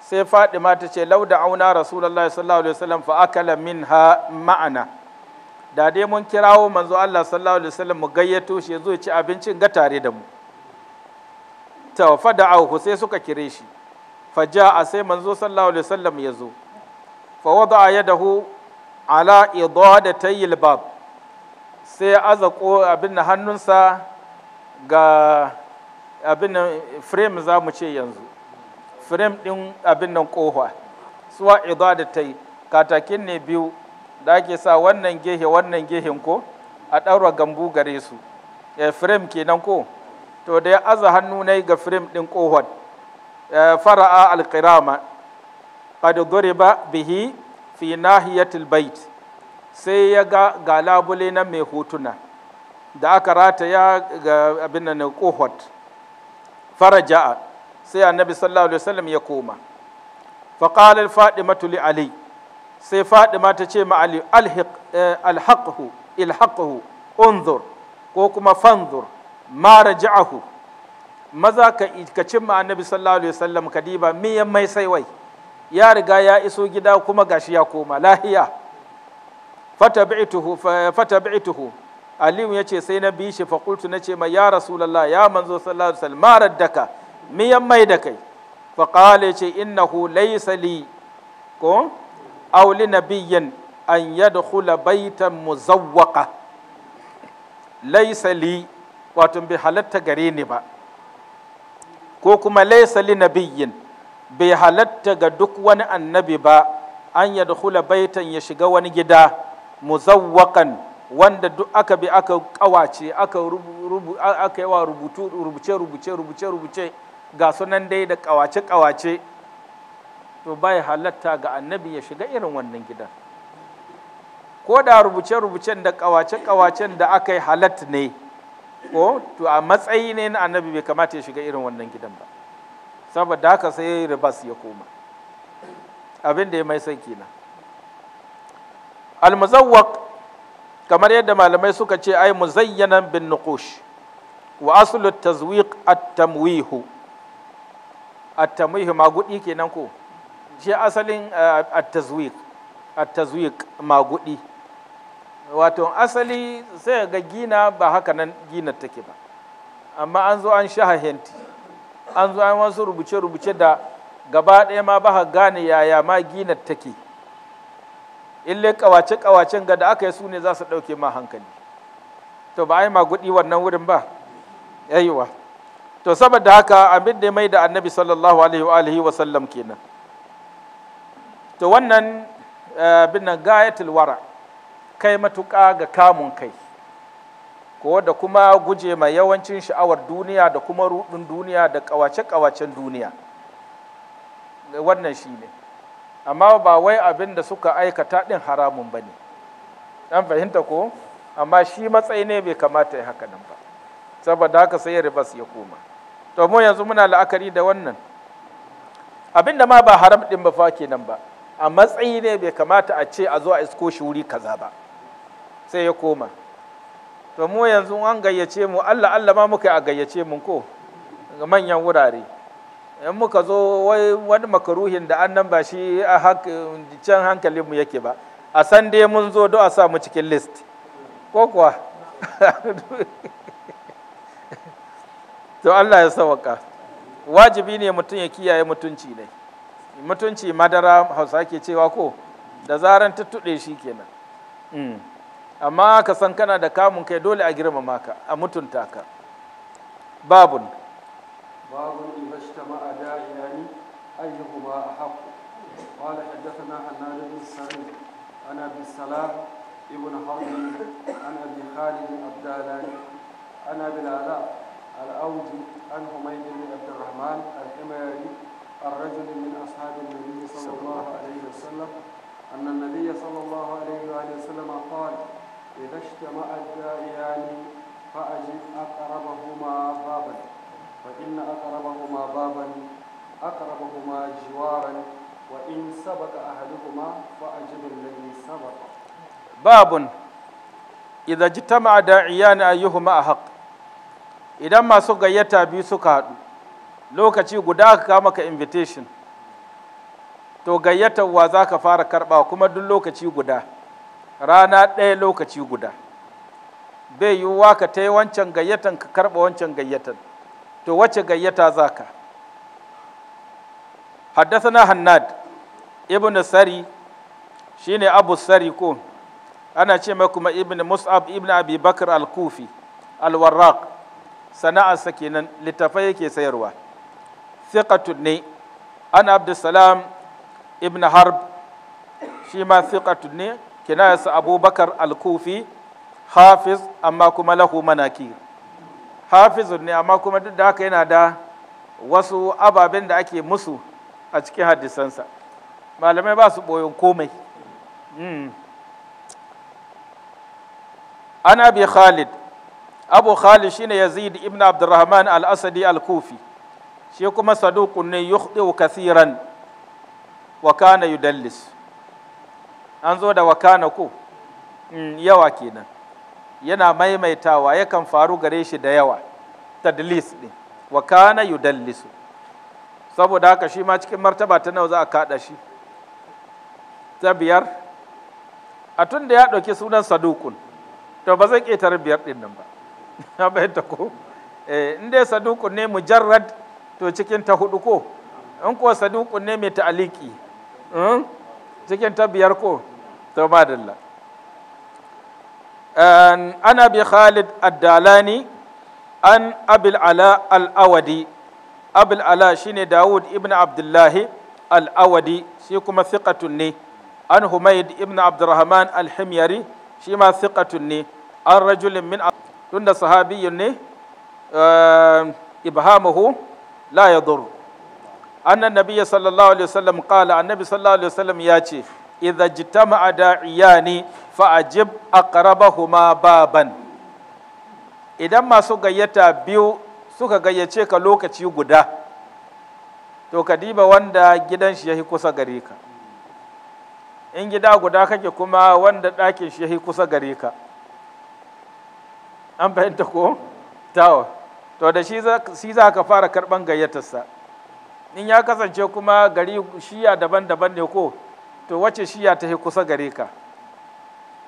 sai fatima ta ce lauda auna rasulallah sallallahu alaihi wasallam fa akala min ha ma'ana da dai mun kirawo manzo Allah sallallahu alaihi wasallam mu gayyato shi ya zo ci abincin ga tare da mu tawafa da auhu sai suka kire shi fa ja'a sai manzo sallallahu alaihi wasallam ya zo fa wada'a yadahu ala idadatayil bab sai aza ko abin hannunsa ga abin nan frame za mu ce yanzu frame ɗin abin nan kohwa suwa idza da ta katakin ne biyu da ake sa wannan gehe wannan gehen ko a daura gambu gare su eh frame kenan ko to da ya aza hannu na ga frame ɗin ƙohon eh, fara'a alqirama qad duriba bihi fi nahiyatil bait sai ya ga ga labule na mai hotuna da aka rataya ga abin nan ƙohon faraja'a sai annabi sallallahu alaihi wasallam ya koma fa qala fatimatu li ali sai fatima ta ce ma ali alhiq eh, alhaqhu ilhaqhu unzur ko kuma fanzur ma raja'ahu maza ka ka cimma annabi sallallahu alaihi wasallam kadiba me mai sai wai ya riga ya iso gida kuma gashi ya koma lahiya fatabi'tuhu fatabi'tuhu aliyu ya ce sai na bi shi faƙultu na ce ma ya rasulallah ya manzo sallallahu alaihi wasallam marar daka miyan mai da kai faƙala ya ce innahu laysa li ko aw li nabiyyin an yadkhula baitan muzawwaqa laysa li wato bi halatta gare ni ba ko kuma laysa li nabiyyin bai halatta ga duk wani annabi ba an yadkhula baitan ya shiga wani gida muzawwaqan wanda duk aka bi aka kawace aka aka yi wa rubutu rubuce rubuce rubuce rubuce ga sunan dai da kawace kawace to bai halatta ga annabi ya shiga irin wannan gidan ko da rubuce rubucen da kawace kawacen da aka yi halatta ne ko to a matsayi ne na annabi bai kamata ya shiga irin wannan gidan ba saboda haka sai ribas ya koma abin da ya mai sai kenan al-muzawwaq kamar yadda malamai suka ce ai muzayyanan bin nuqush wa aslu tazwiq at-tamwihu at-tamwihu magudi kenan ko shi asalin eh, at-tazwiq at-tazwiq magudi wato asali sai ga gina ba haka nan gina take ba amma an zo an shahahenti an zo an wasu rubuce-rubuce da gaba ɗaya ma ba gane yaya ma gina take Illai kawace kawacen ga da aka yi su ne za su ɗauke ma hankali to ba ai magudi wannan wurin ba yayiwa to saboda haka abin da mai da annabi sallallahu alaihi wa alihi wa sallam kenan to wannan eh, bin nan gayatul wara kai matuƙa ga kamun kai ko da kuma guje ma yawancin sha'awar duniya da kuma ruɗin duniya da kawace-kawacen duniya wannan shi ne amma ba wai abin da suka aikata ɗin haramun ba ne ɗan fahimta ko amma shi matsayi ne bai kamata ya haka nan ba saboda haka sai ribas ya koma to mu yanzu muna la'akari da wannan abin da ma ba haram ɗin ba fa kenan ba a matsayi ne bai kamata a ce a zo a isko shi wuri kaza ba sai ya koma to mu yanzu an gayyace mu Allah Allah ma muka a gayyace mu ko ga manyan wurare in muka zo wani makaruhin da annan ba shi a can hankalinmu yake ba a san dai mun zo do a sa cikin list ko kuwa [LAUGHS] to Allah ya sawaka wajibi ne mutum ya kiyaye mutunci ne mutunci madara hausa ke cewa ko da zaran ta tuɗe shi kenan mm. amma ka san kana da kamun kai dole a girmama ka a mutunta ka babun باب إذا اجتمع داعيان أيهما أحق قال حدثنا حناد بن سعيد عن أبي السلام ابن حرب عن أبي خالد الدالاني عن أبي العلاء الأوجي عن حميد بن عبد الرحمن الحميري الرجل من أصحاب النبي صلى الله عليه وسلم أن النبي صلى الله عليه وآله وسلم قال إذا اجتمع الداعيان فأجب أقربهما بابا فإن أقربهما بابا أقربهما جوارا وإن سبق أهلهما فأجب الذي سبق باب إذا اجتمع داعيان أيهما أحق idan masu gayyata biyu suka haɗu lokaci guda ka kama ka invitation to gayyatar wa za ka fara karɓa kuma duk lokaci guda rana ɗaya lokaci guda bai yiwuwa ka ta yi wancan gayyatan ka karɓa wancan gayyatan to wacce gayyata zaka na hannad ibn sari shine abu sari ko ana ce mai kuma ibn mus'ab ibn abi bakr al-kufi al-warraq sana'arsa kenan littafai yake sayarwa thiqatun ne ana abdussalam ibn harb shi ma thiqatun ne abubakar al-kufi hafiz amma kuma lahu manakir hafizun ne amma kuma duk da haka yana da wasu ababen da ake musu a cikin hadisansa malamai ba su boyon komai hmm. ana bi khalid abu khalid shine yazid ibn abdurrahman al-asadi al-kufi shi kuma saduqun ne yukhdi'u kathiran wa kana yudallis an zo da wakana ko hmm, yawa kenan yana maimaitawa yakan faru gare shi da yawa tadlis din wa kana yudallisu saboda haka shi ma cikin martaba ta nawa za a kada shi ta biyar a tun da ya ɗauki sunan sadukun to ba zai ƙetare biyar ɗin nan ba na [LAUGHS] bayyanta ko eh, in dai sadukun ne mujarrad to cikin ta hudu ko in ko sadukun ne mai ta'aliki hmm? cikin ta biyar ko to ba dalla an abi khalid addalani an abil ala al-awadi abul ala shine dawud ibn abdullahi al-awadi shi kuma thiqatun ne an humaid ibn abdurrahman al-himyari shi ma an rajulin min tunda sahabiyyun ne ibhamuhu la yadur annan nabiyya sallallahu alaihi wasallam qala annabi sallallahu alaihi wasallam ya ce idza jtama'a da'iyani ajib aqrabahuma baban idan masu gayyata biyu suka gayyace ka lokaci guda to ka diba wanda gidan shi yahi kusa gare ka in gida guda kake kuma wanda ɗakin shi yahi kusa gare ka an fahimta ko tawa to da shi za ka fara karɓan gayyatarsa in ya kasance kuma gari shiya daban-daban ne ko to wace shiya ta yi kusa gare ka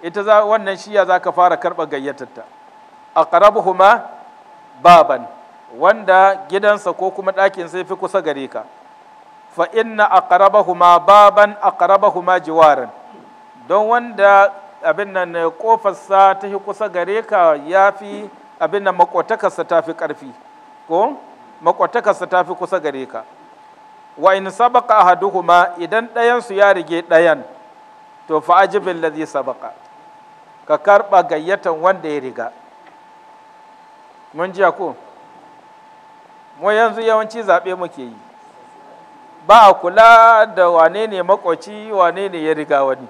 ita za wannan shiya za ka fara karɓa gayyatarta a ƙarabuhuma baban wanda gidansa ko kuma ɗakin sai fi kusa gare ka fa inna aqrabahuma baban aqrabahuma jiwaran don wanda abin nan sa ta yi kusa gare ka ya fi abin nan makotakarsa ta fi ƙarfi ko makotakarsa ta fi kusa gare ka wa in sabaka ahaduhuma idan ɗayan su ya rige ɗayan to fa ajibin ladhi sabaka ka karba gayyatan wanda ya riga mun ji ko mu yanzu yawanci zaɓe muke yi ba a kula da wane ne makoci wane ne ya riga wani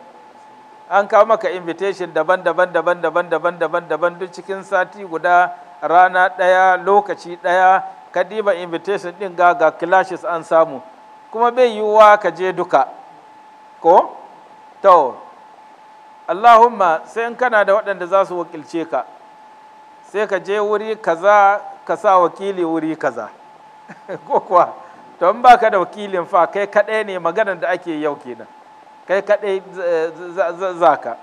an kawo maka invitation daban-daban daban-daban daban-daban daban duk cikin sati guda rana ɗaya lokaci ɗaya ka invitation ɗin ga ga clashes an samu kuma bai yiwuwa ka je duka ko to allahumma sai in kana da waɗanda za su wakilce ka sai ka je wuri kaza ka sa wakili wuri kaza [LAUGHS] ko kuwa to in baka da wakilin fa kai kaɗai ne maganar da ake yau kenan kai kaɗai eh, za ka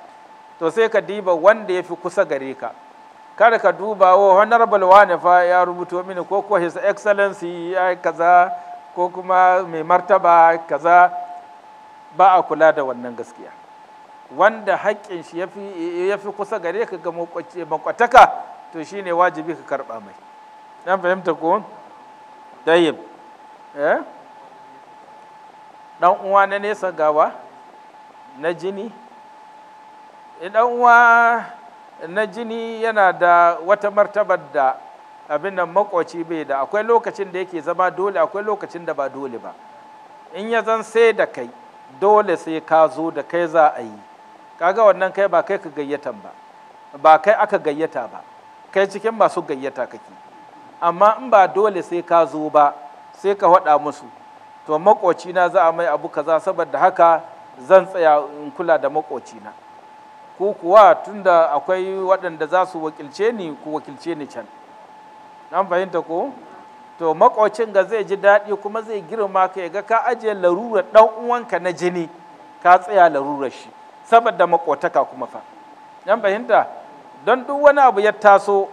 to sai ka diba wanda ya fi kusa gare ka kada ka duba wa oh, honorable wane fa ya rubuto mini ko ko his excellency ya yi kaza ko kuma mai martaba kaza ba a kula da wannan gaskiya wanda haƙƙin shi ya fi kusa gare ka ga makwataka to shi ne wajibi ka karɓa mai ɗan fahimta ko dayim. Eh? ɗan uwa na nesa gawa na jini eh, ɗan uwa na jini yana da wata martabar da abin nan makwaci bai da akwai lokacin da yake zama dole akwai lokacin da ba dole ba in ya zan sai da kai dole sai ka zo da kai za a yi kaga wannan kai ba kai ka gayyata ba ba kai aka gayyata ba kai cikin masu gayyata kake amma in ba dole sai ka zo ba sai ka faɗa musu to na za a mai abu kaza saboda haka zan tsaya in kula da na ko kuwa tunda akwai waɗanda za su wakilce ni ku wakilce ni can an fahimta ko to makocin ga zai ji daɗi kuma zai girma ka ya ga ka ajiye larura ɗan uwanka na jini ka tsaya larurar shi saboda makotaka kuma fa yan fahimta don duk wani abu ya taso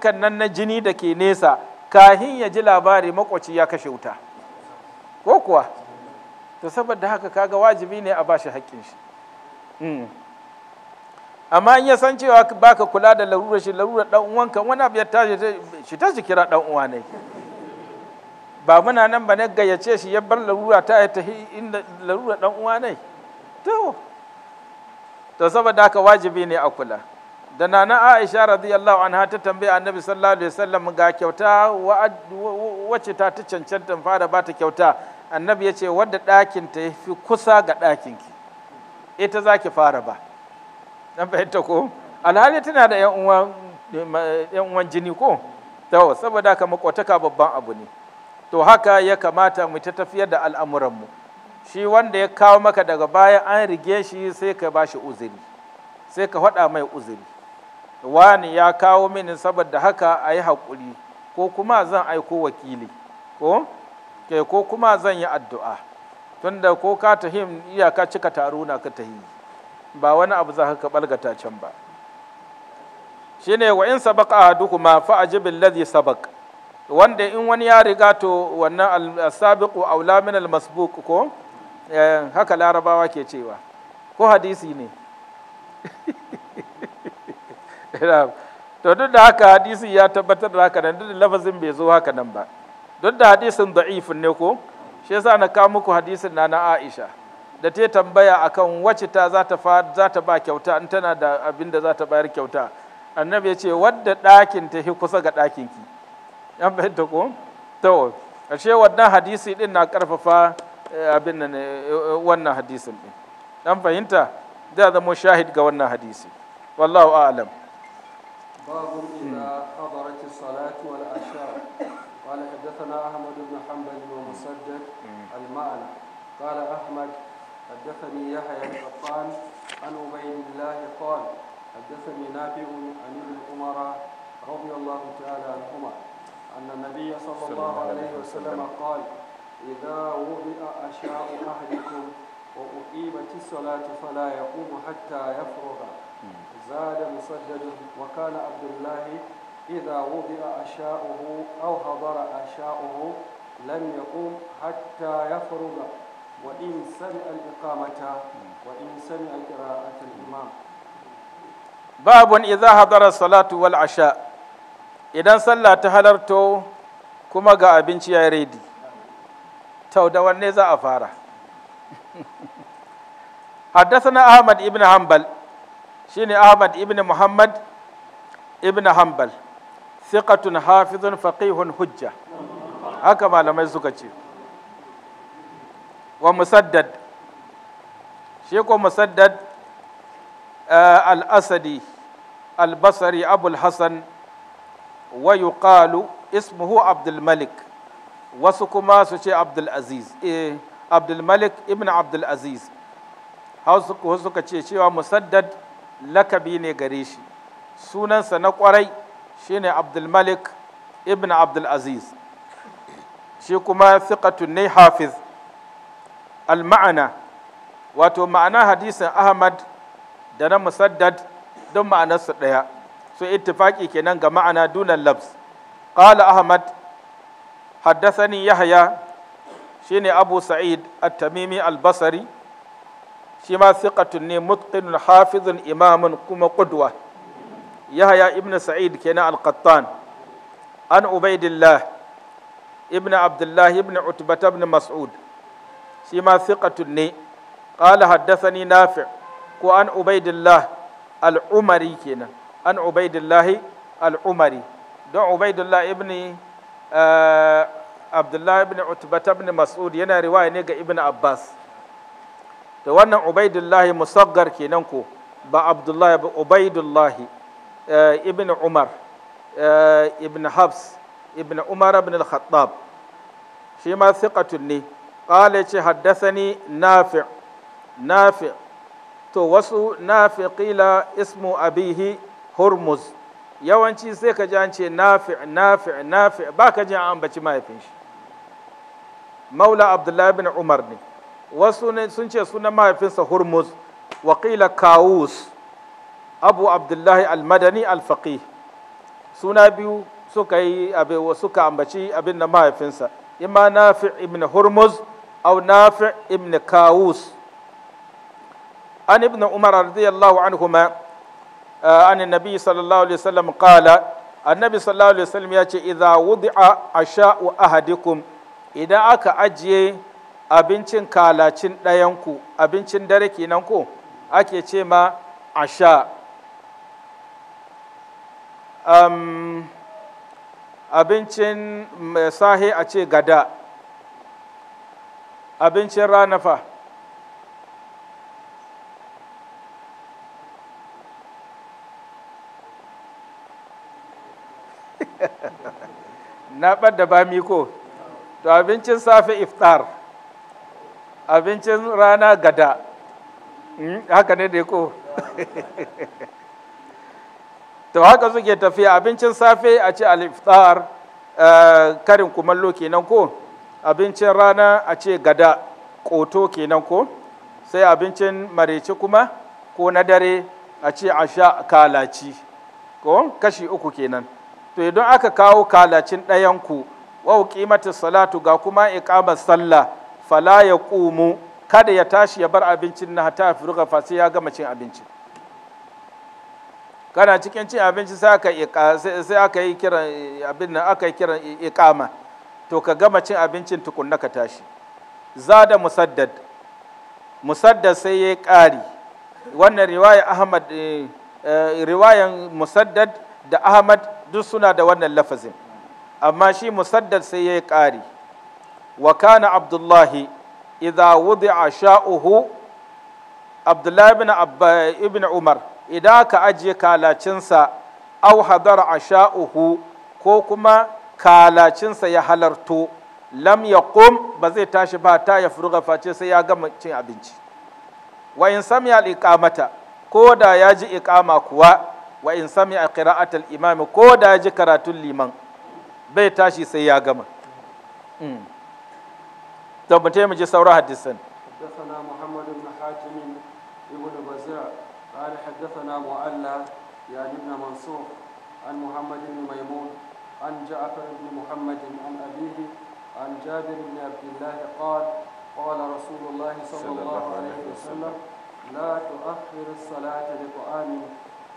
kan nan na jini da ke nesa kahin ya ji labari makoci ya kashe wuta ko kuwa to saboda haka kaga wajibi ne a bashi haƙƙin shi hmm. amma in ya san cewa baka kula da larurar shi larurar dan uwanka wani abu ya tashi shi ta shi kira dan uwa ne ba muna nan ba ne gayyace shi ya bar larura ta ta tafi inda larura dan uwa ne to to saboda haka wajibi ne a kula da nana Aisha radiyallahu anha ta tambaya Annabi sallallahu alaihi wasallam ga kyauta wacce ta ta cancanta fara ba ta kyauta Annabi ya ce wadda ɗakin ta yafi kusa ga ɗakin ki ita ki fara ba na fahimta ko alhali tana da yan uwan jini ko to saboda haka makotaka babban abu ne to haka ya kamata mu ta tafiyar da al'amuran mu shi wanda ya kawo maka daga baya an rige shi sai ka bashi uzuri sai ka faɗa mai uzuri wani ya kawo mini saboda haka a yi haƙuri ko kuma zan aiko wakili ko ke ko kuma zan yi addu'a tunda ko ka tahim iyaka cika taro na ka tahi ba wani abu za ka balgata can ba Shi ne wa in a ahaduhuma fa ajibil lazi sabak wanda in wani ya riga to wannan as-sabiqu aula min ko eh, haka larabawa ke cewa ko hadisi ne [LAUGHS] to duk da haka hadisi ya tabbatar da haka nan duk da lafazin bai zo haka nan ba duk da hadisin da'ifin ne ko shi yasa na kawo muku hadisin na na Aisha da ta tambaya akan wacce ta za ta za ta ba kyauta in tana da abin da za ta bayar kyauta annabi ya ce wadda ɗakin ta hi kusa ga ɗakin ki an fahimta ko to ashe wannan hadisi din na karfafa eh, abin nan eh, eh, wannan hadisin din dan fahimta da zama shahid ga wannan hadisi wallahu a'lam wal asha wa la hadathana ahmad ibn hanbal wa musaddad al المعنى قال أحمد حدثني يحيى بن قطان عن عبيد الله قال حدثني نافع عن ابن عمر رضي الله تعالى عنهما أن النبي صلى الله عليه وسلم قال إذا وضئ عشاء أحدكم وأقيمت الصلاة فلا يقوم حتى يفرغ زاد مسجد وكان عبد الله إذا وضئ عشاؤه أو حضر عشاؤه لم يقوم حتى يفرغ وإن سمع الإقامة وإن سمع قراءة الإمام باب إذا حضر الصلاة والعشاء إذا صلى تهلرتو كما kuma ga يريدي تودا redi أفارة حدثنا أحمد ابن حنبل شيني أحمد ابن محمد ابن حنبل ثقة حافظ فقيه حجة هكذا ما لم يزكتشي wa musaddad shi ko musaddad eh, al-asadi al-basri abul hasan wa yuqalu ismuhu abdul malik wasu kuma su ce abdul aziz eh abdul malik ibn abdul aziz hausa suka ce cewa musaddad lakabi ne gare shi sunansa na kwarai shine abdul malik ibn abdul aziz shi kuma thiqatun ne hafiz al-ma'ana wato ma'ana hadisin ahmad da na musaddad don ma'anarsu ɗaya su ittifaki kenan ga ma'ana dunan labs qala ahmad haddathani yahya shine abu sa'id at-tamimi al-basri shi ma thiqatun ne mutqinun hafizun imamun kuma ƙudwa. yahya ibn sa'id kenan al-qattan an ubaidillah ibn abdullah ibn utbah ibn mas'ud shi ma thiqatun ne qala haddathani nafi ko an ubaidillah al-umari kenan an ubaidillahi al-umari don ubaidillah ibni abdullahi ibn utbata ibn mas'ud yana riwaya ne ga ibn abbas da wannan ubaidullahi musaggar kenan ko ba abdullahi ba ubaidullahi ibn umar ibn habs ibn umar ibn al-khattab shi ma thiqatun ne qala ce haddathani nafi' nafi' to wasu nafi qila ismu abihi hurmuz yawanci sai ka ji an ce nafi nafi nafi ba ka ji an ambaci mahaifin shi maula abdullahi bin umar ne wasu sun ce sunan mahaifinsa hurmuz wakila kawus abu abdullahi almadani faqi suna biyu suka yi suka ambaci abin da mahaifinsa ima nafi ibn hurmuz أو نافع ابن كاووس عن ابن عمر رضي الله عنهما عن النبي صلى الله عليه وسلم قال النبي صلى الله عليه وسلم يأتي إذا وضع عشاء أحدكم إذا أكا أجي abincin كالا ɗayanku لا ينكو kenan ko ake ce ma asha um, abincin sahe a ce abincin rana fa [LAUGHS] na ɓadda ba miko to abincin safe iftar abincin rana gada hmm, haka ne da ko [LAUGHS] to haka suke tafiya abincin safe a ce al-iftar eh, karin kumallo kenan ko abincin rana a ce gada ƙoto kenan ko sai abincin marece kuma ko na dare a ce a sha kalaci ko kashi uku kenan to idan aka kawo kalacin ɗayan ku wau mata salatu ga kuma iƙamar sallah fala ya ƙumu kada ya tashi ya bar abincin na hata fi fa sai ya gama cin abinci kana cikin cin abinci sai aka yi kiran abin nan aka yi kiran iƙama to ka gama cin abincin tukunna ka tashi zada musaddad musaddad sai ya ƙari wannan riwaya ahmad eh, eh, riwayan musaddad da ahmad duk suna da wannan lafazin amma shi musaddad sai ya ƙari wa kana abdullahi idza wudi'a sha'uhu abdullahi ibn, ibn umar idan ka ajiye kalacinsa au hadara sha'uhu ko kuma kalacinsa ya halarto lam ya ƙum ba zai tashi ba ta ya furu face sai ya gama cin abinci wa in sami al'iƙamata ko da ya ji iƙama kuwa wa in sami a ƙira'atul imami ko da ya ji karatun liman bai tashi sai ya gama hmm. tabbatai mu ji sauran hadisan حدثنا محمد بن حاتم ابن بزيع قال حدثنا معلى يعني ابن منصور عن محمد بن ميمون عن جعفر بن محمد عن أبيه عن جابر بن عبد الله قال قال رسول الله صلى الله عليه وسلم لا تؤخر الصلاة لطعام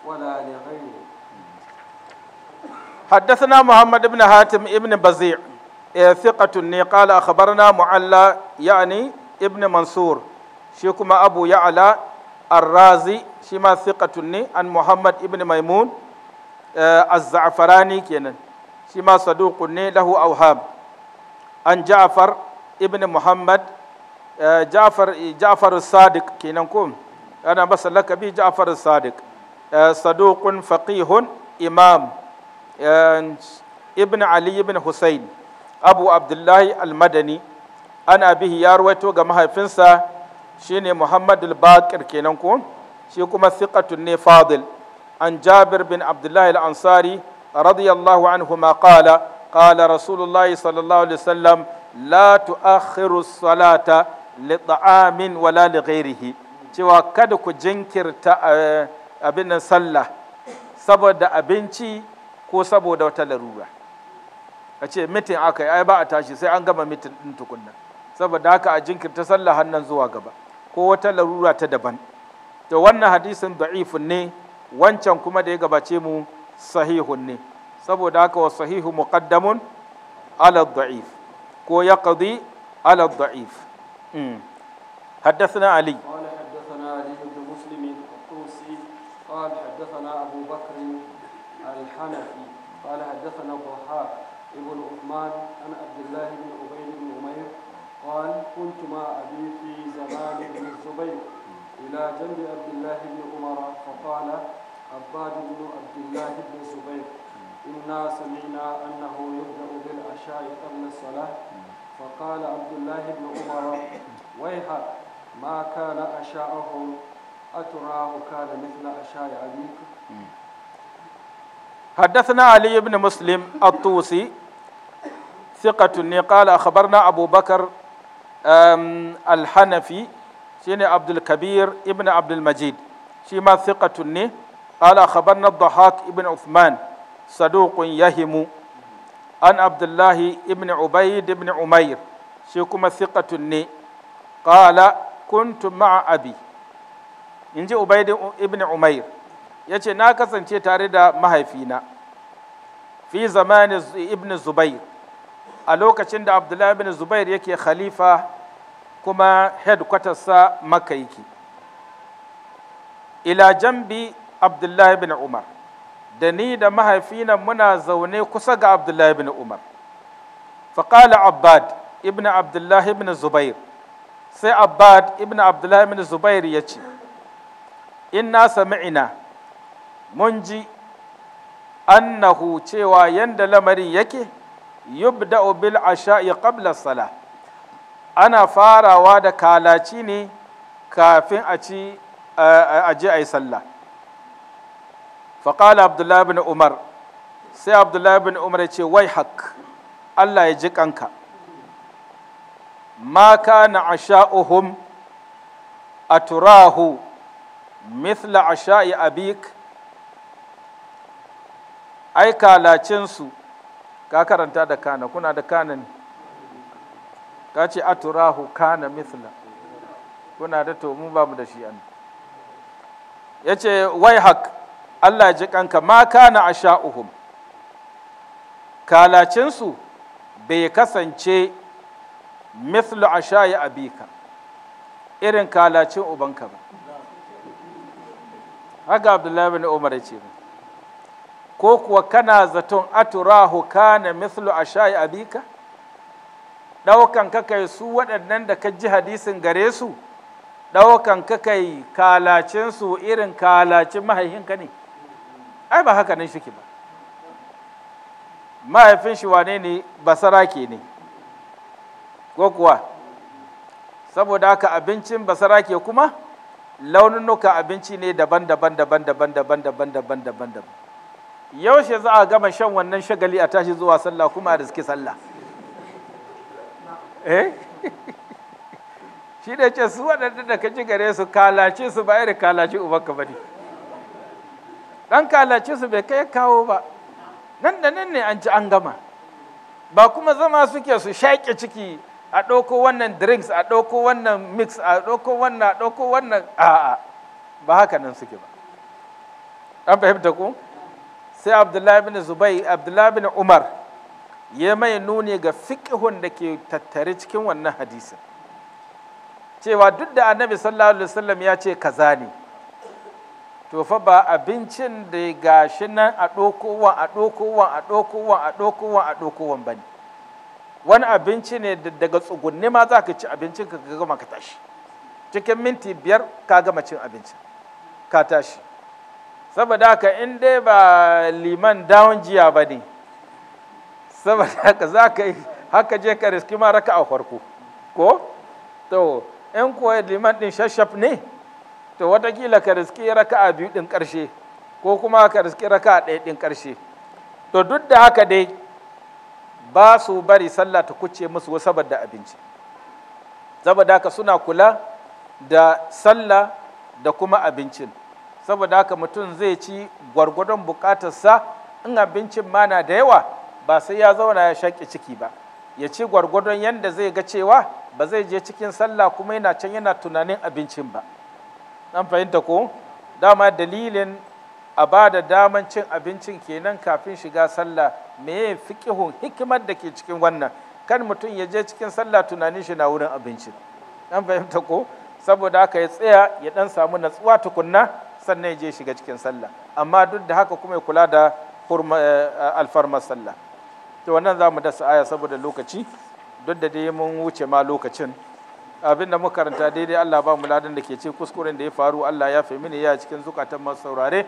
ولا لغيره حدثنا محمد بن حاتم ابن بزيع ثقة قال أخبرنا معلى يعني ابن منصور شيكما أبو يعلى الرازي شما ثقة عن محمد ابن ميمون الزعفراني كينا shi ma saduqun ne lahu auham an ja'far ibn muhammad ja'far ja'far sadiq kenan ko ana masa lakabi ja'far sadiq saduqun faqihun imam ibn ali ibn husayn abu abdullahi al-madani ana bihi ya ruwaito ga mahaifinsa shine muhammad al-baqir kenan ko shi kuma thiqatun ne fadil an jabir bin abdullahi al-ansari رضي الله عنهما قال قال رسول الله صلى الله عليه وسلم لا تؤخر الصلاة لطعام ولا لغيره cewa kada ku jinkirta eh, abin sallah saboda abinci ko saboda wata larura a ce mitin aka yi ai ba a tashi sai an gama mitin din tukunna saboda haka a jinkirta sallah hannan zuwa gaba ko wata larura ta daban to wannan hadisin da'ifun ne wancan kuma da ya gabace mu sahihun ne saboda haka wa sahihu muqaddamun ala da'if ko ya qadi ala da'if حدثنا علي قال حدثنا علي بن مسلم الطوسي قال حدثنا أبو بكر الحنفي قال حدثنا الضحاك ابن عثمان عن عبد الله بن عبيد بن عمير قال كنت مع أبي في زمان بن الزبير إلى جنب عبد الله بن عمر فقال عباد بن عبد الله بن زبير إنا سمعنا أنه يبدأ بالعشاء قبل الصلاة فقال عبد الله بن عمر ويحك ما كان عشاءهم أتراه كان مثل عشاء أبيك حدثنا علي بن مسلم الطوسي ثقة قال أخبرنا أبو بكر الحنفي شيني عبد الكبير ابن عبد المجيد شيما ثقة قال أخبرنا الضحاك ابن عثمان صدوق يهم عن عبد الله ابن عبيد ابن عمير شيكما ثقة ني قال كنت مع أبي in ji ubaidin ibn umair ya ce na kasance tare da mahaifina fi zamani ibn zubair a lokacin da abdullahi ibn zubair yake khalifa kuma sa makaiki ila jambi abdullahi bin umar da ni da mahaifina muna zaune kusa ga abdullahi bin umar faƙala abbad ibn abdullahi bin zubair sai abbad ibn abdullahi bin zubair ya ce inna sami'ina mun ji annahu cewa yanda lamarin yake yubda'u bil asha'i qabla salah ana farawa da kalaci ne kafin a ci a je a yi sallah faƙala abdullahi bin umar sai abdullahi bin umar ya ce wai hak allah ya ji kanka ma kana asha'uhum aturahu mithla asha'i abik ai kalacinsu ka karanta da kana kuna da kana ne ka ce aturahu kana mithla kuna da to mu ba da shi an ya ce wai hak Allah ji kanka ma kana asha'uhum kalacinsu bai kasance mithlu asha'i abika irin kalacin ubanka ba haka abdullahi bin umar ce ba ko kuwa kana zaton aturahu kana mithlu asha'i abika ɗaukan kakai su waɗannan da ka ji hadisin gare su ɗaukan kakai kalacinsu irin kalacin mahaihinka ne ai ba haka nan shike ba mahaifin shi wane ne basarake ne ko kuwa saboda haka abincin basarake kuma launinuka abinci ne daban-daban daban-daban daban-daban daban-daban daban yaushe za a gama shan wannan shagali a tashi zuwa sallah kuma a riske sallah [LAUGHS] eh [LAUGHS] shi da ce su waɗanda da ka ji gare su kalace su ba da kalace ubanka ba ne ɗan kalace su bai kai kawo ba nan da nan ne an ci an gama ba kuma zama suke su shaƙe ciki a ɗauko wannan drinks a ɗauko wannan mix a ɗauko wannan a ɗauko wannan a'a ba haka nan suke ba an fahimta ku sai abdullahi bin zubai abdullahi bin umar ya mai nuni ga fiƙihun da ke tattare cikin wannan hadisin cewa duk da annabi sallallahu alaihi wasallam ya ce kaza ne to fa ba abincin da gashi nan a ɗokowan a ɗokowan a ɗokowan a ɗokowan a ɗokowan ba ne wani abinci ne daga tsugunni ma za ka ci abincin ka gama ka tashi cikin minti biyar ka gama cin abincin ka tashi saboda haka in dai ba liman dawon jiya ba ne saboda haka za ka yi haka je ka riski ma raka a farko ko to in kuwa liman ɗin shashaf ne to watakila ka riski a biyu din karshe ko kuma ka riski raka ɗaya din karshe to duk da haka dai ba su bari sallah ta kuce musu saboda abinci saboda haka suna kula da sallah da kuma abincin saboda haka mutum zai ci gwargwadon bukatarsa in abincin ma na da yawa ba sai ya zauna ya shaƙe ciki ba ya ci gwargwadon yadda zai ga cewa ba zai je cikin sallah kuma yana can yana tunanin abincin ba nan fahimta ko dama dalilin a ba da daman cin abincin kenan kafin shiga sallah meye fiqihun hikimar da ke cikin wannan kan mutum ya je cikin sallah tunanin shi na wurin abinci nan fahimta ko saboda haka ya tsaya ya dan samu natsuwa tukunna sannan ya je shiga cikin sallah amma duk da haka kuma ya kula da eh, alfarmar sallah to wannan za mu dasa aya saboda lokaci duk da dai mun wuce ma lokacin abin da muka karanta daidai Allah ba mu ladan da ke ce kuskuren da ya faru Allah ya fi mini ya cikin zukatan masu saurare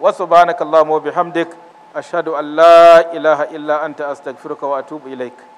wa subhanakallahumma wa bihamdik ashhadu an la ilaha illa anta astaghfiruka wa atubu ilaik